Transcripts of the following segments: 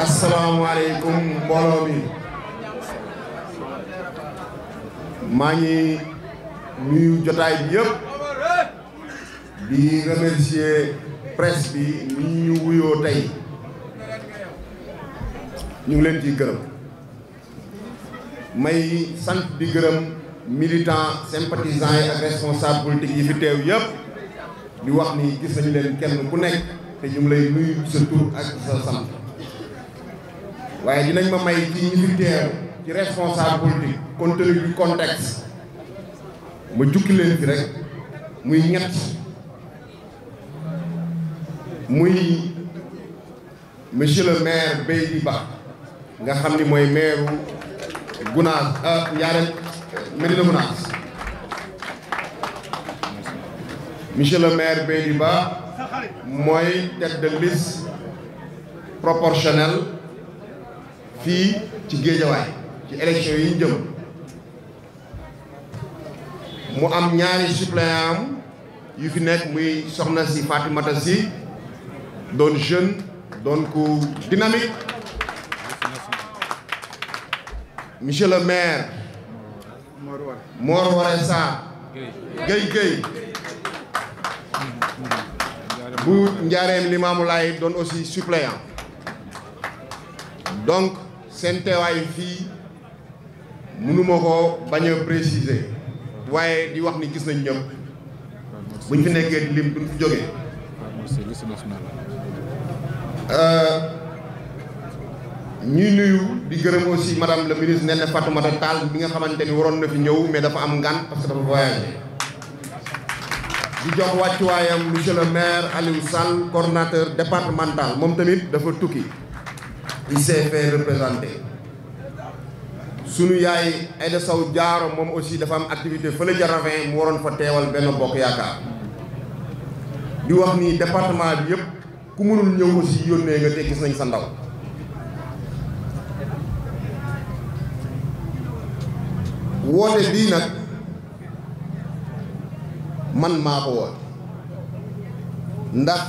asalaamaaleykum mbooloo mi maa ngi nuyu jotaay yëpp di remercier presse bi ni ñu wuyoo tey ñu ngi leen ciy gërëm may sant di gërëm militant sympathisant yi ak responsable politique yi yëpp di wax ni gis nañu leen kenn ku nekk te ñu ngi lay nuyu sa tur ak sa waaye dinañ ma may ci ñi fi teew ci responsable politique compte tenu contexte ma jukki leen ci rek muy ñett muy monsieur le maire Beydi Ba nga xam ni mooy maire Gounass euh, Ndiarème Médina Gounass monsieur le maire Beydi Ba mooy tête proportionnelle fii ci géejawaay ci élection yi ñu mu am ñaari suppléant am yu fi nekk muy soxna si Fatimata si doon jeune doon ku dynamique monsieur le maire Mor Waré Sarr Gueye Gueye bu njaareem Limamoulaye doon aussi suppléant donc seen teewaay fii mënuma ko bañ a préciser waaye di wax ni gis nañ ñëpp buñ fi nekkee di lim duñ fi jógee euh, ñuy nuyu di gërëm aussi madame le ministre Néné Fatoumata Tall bi nga xamante ni waroon na fi ñëw mais dafa am ngan parce que dafa voyagé di jox wàccuwaayam monsieur le maire Aliou Sall coordonnateur départemental moom tamit dafa tukki il s'est fait représenter sunu yaay Aïda Sow moom aussi dafa am activité fële Jaravin mu waroon fa teewal benn bokk yaakaar di wax ni département bi yëpp ku mënul ñëw aussi yónnee nga te gis nañ sa ndaw woote bii nag man maa ko woon ndax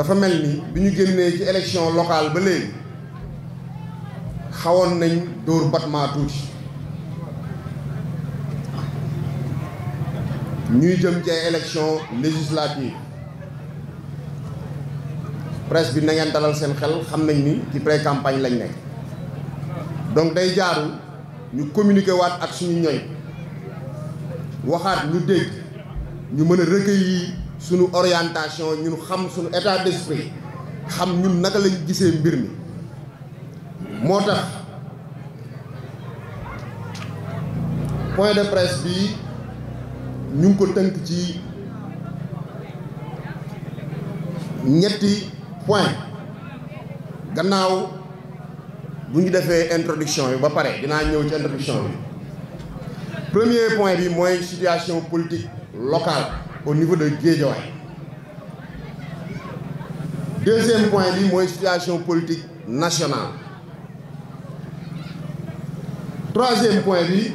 dafa mel ni bi ñu génnee ci élection locale ba léegi xawoon nañ dóor batmaa tuuti ñuy jëm ci ay élection législative presse bi na ngeen dalal seen xel xam nañ ni ci pré campagne lañ nekk donc day jaarul ñu communiquer waat ak suñu ñoñ waxaat ñu dégg ñu mën a recueillir sunu orientation ñun xam suñu état d'esprit xam ñun naka lañ gisee mbir mi moo tax point de presse bi ñu ko tënk ci ñetti point gannaaw bu ñu defee introduction bi ba pare dinaa ñëw ci introduction bi premier point bi mooy situation politique locale au niveau de Guédiawaye deuxième point bi mooy situation politique nationale troisième point bi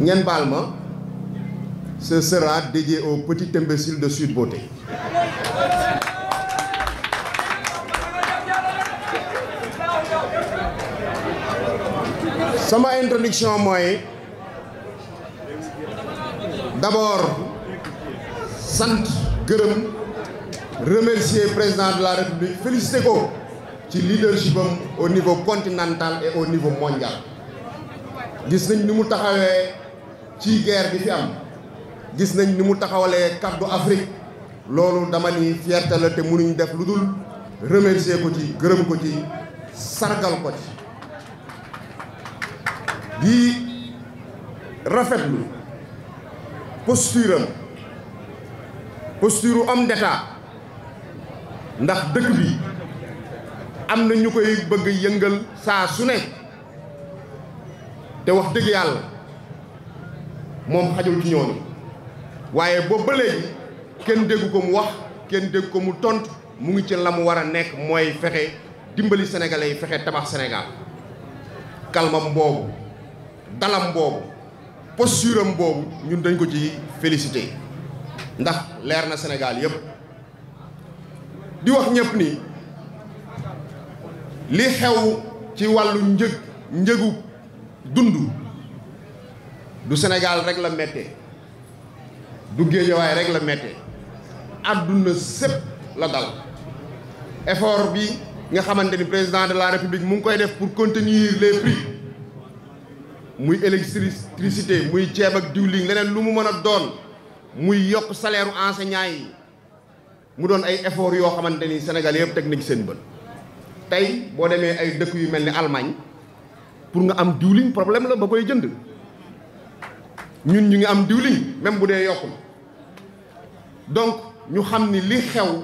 ngeen baal ma ce sera dédié au petit imbécile de Sweet Beauté sama introduction mooy d'abord sant gërëm remercier président de la république félicité ko ci leadership am au niveau continental et au niveau mondial gis nañ ni mu taxawee ci guerre gi fi am gis nañ ni mu taxawalee kaddu Afrique loolu dama ni fierté la te mënuñ def lu dul remercier ko ci gërëm ko ci sargal ko ci di rafetlu posture am posture homme d'état ndax dëkk bi am na ñu koy bëgg yëngal saa su ne te wax dëgg yàlla moom xajul ci ñooñu waaye boobu léegi kenn déggu ko mu wax kenn dégg ko mu tontu mu ngi ci la mu war a nekk mooy fexe dimbali sénégalais fexe tabax Sénégal kalmam boobu dalam boobu posture boobu ñun dañ ko ci félicité ndax leer na senegaal yëpp di wax ñëpp ni li xew ci wàllu njëg njëgu dund du Sénégal rek la méttee du Géejawaay rek la mette àdduna sépp la dal effort bi nga xamante ni président de la république mu ngi koy def pour contenir les muy électricité muy ceeb ak diwlin leneen lu mu mën a doon muy yokk salaire u yi mu doon ay effort yoo xamante ni Sénégal yëpp teg nañ seen bët tey boo demee ay dëkk yu mel ni Allemagne pour nga am diwlin problème la ba koy jënd ñun ñu ngi am diwlin même bu dee yokkul donc ñu xam ni li xew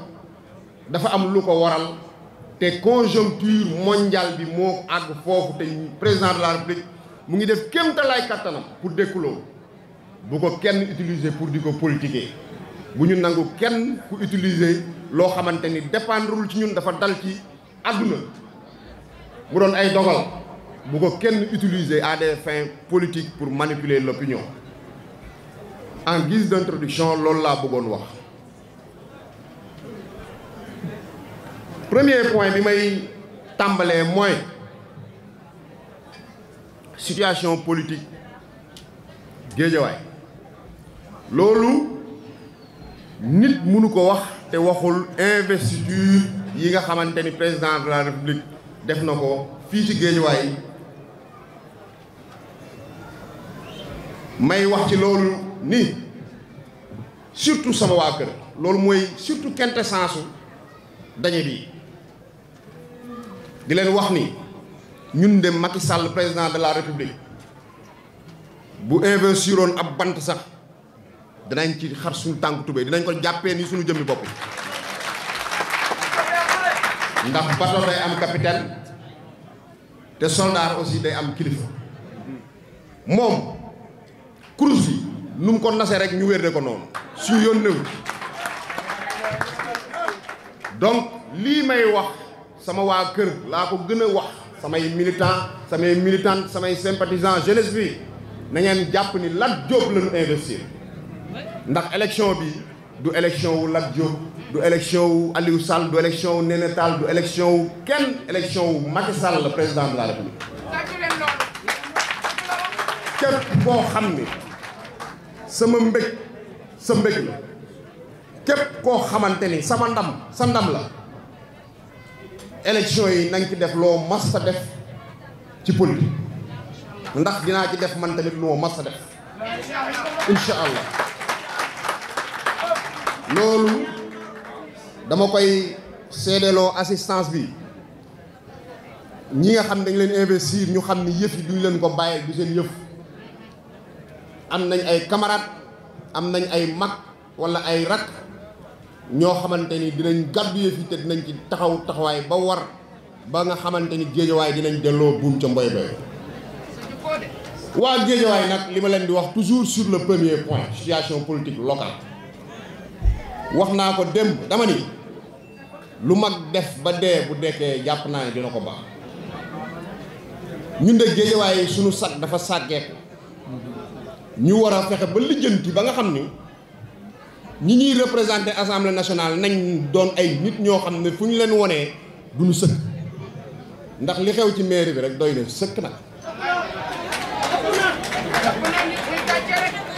dafa am lu ko waral te conjoncture mondiale bi moo àgg foofu te président de la République mu ngi def kéem talaay kàttanam pour dékku bu ko kenn utiliser pour di ko politiquer bu ñu nangu kenn ku utiliser loo xamante ni dépendrul ci ñun dafa dal ci àdduna mu doon ay dogal bu ko kenn utiliser à des fins politiques pour manipuler l'opinion en guise d'introduction loolu laa bëggoon wax premier point bi may tàmbalee mooy situation politique géejawaay loolu nit mënu ko wax te waxul investiture yi nga xamante ni président de la république def na ko fii ci géejawaay may wax ci loolu ni surtout sama waa kër loolu mooy surtout quintessence dañu bi di leen wax ni ñun de mati Sall président de la république bu investiroon ab bant sax danañ ci xar suñu tànk tubéy dinañ ko jàppee ni suñu jëmmi bopp ndax bato day am capitaine te soldat aussi day am kilifa moom kurus yi nu mu ko nase rek ñu wérde ko noonu suñu yoon néew donc lii may wax sama waa kër laa ko gën a wax samay militant samay militante samay sympathisant jeunesse bi jàpp ni Lat Diop la ñu ndax élection bi du élection wu Lat Diop du élection wu Aliou Sall du élection wu Néné du élection wu kenn élection wu Macky Sall la président de la képp koo xam ni sama mbëg sa mbëg la képp koo xamante ni sama ndam sa ndam la élection yi nañ ci def loo mas sa def ci politique ndax dinaa ci def man tamit lu ma mas sa def incha allah loolu dama koy seedeloo assistance bi ñi nga xam dañ leen investir ñu xam ne yëf yi duñ leen ko bàyyee du seen yëf am nañ ay camarades am nañ ay mag walla ay rak ñoo xamante ni dinañ gàddu yëf yi te dinañ ci taxaw taxawaay ba war ba nga xamante ni géejawaay dinañ delloo buum ca mboy boy waa géejawaay nag li ma leen di wax toujours sur le premier point situation politique locale wax naa ko démb dama ni lu mag def ba dee bu dekkee jàpp naa ne dina ko baax ñun de géejawaay suñu sag dafa sàggeeku ñu war a fexe ba lijjanti ba nga xam ni ñi ñuy représenté assemblée nationale nañ doon ay nit ñoo xam ne fu ñu leen wonee du ñu sëkk ndax li xew ci mairie bi rek doy na sëkk nag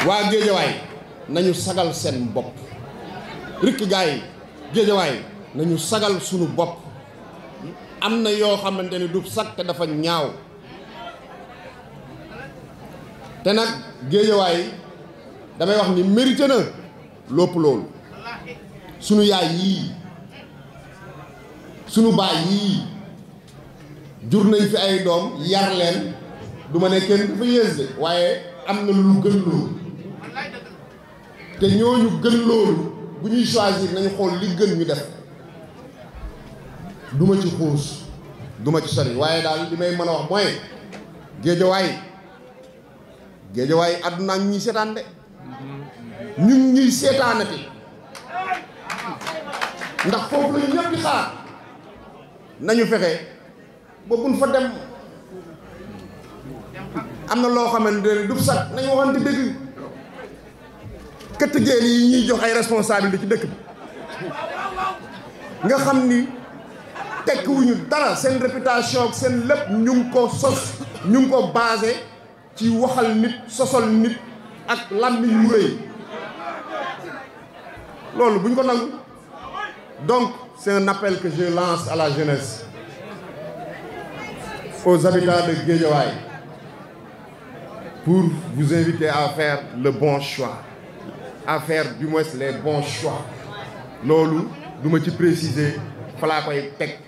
waa géejawaay nañu sagal seen bopp rikk gaay yi géejawaay nañu sagal sunu bopp am na yoo xamante ne du sag te dafa ñaaw te nag géejawaay damay wax ni mérité na lopp loolu sunu yaay yii sunu baay yii jur nañ fi ay doom yar leen du ma ne kenn dafa yées waaye am na lu gën loolu te ñooñu gën loolu bu ñuy choisir nañu xool li gën ñu def duma ci xuus duma ci sori waaye daal li may mën a wax mooy géejawaay géejawaay àdduna ak ñi seetaan ñun ñuy seetaanati ndax foofu la ñu ñëpp xaar nañu fexe ba buñ fa dem am na loo xamante ne du sax nañu waxante dëgg këtt géen yi ñuy jox ay responsabilité ci dëkk bi nga xam ni tekkiwuñu dara seen réputation ak seen lépp ñu ngi ko sos ñu ngi ko basé ci waxal nit sosol nit ak làmmiñ ñu rëy loolu bu ñu ko nangu donc c'est un appel que lance à la jeunesse aux habitants de Guédiawaye pour vous inviter à faire le bon choix à faire du moins les bons choix loolu duma ci préciser fa laa koy teg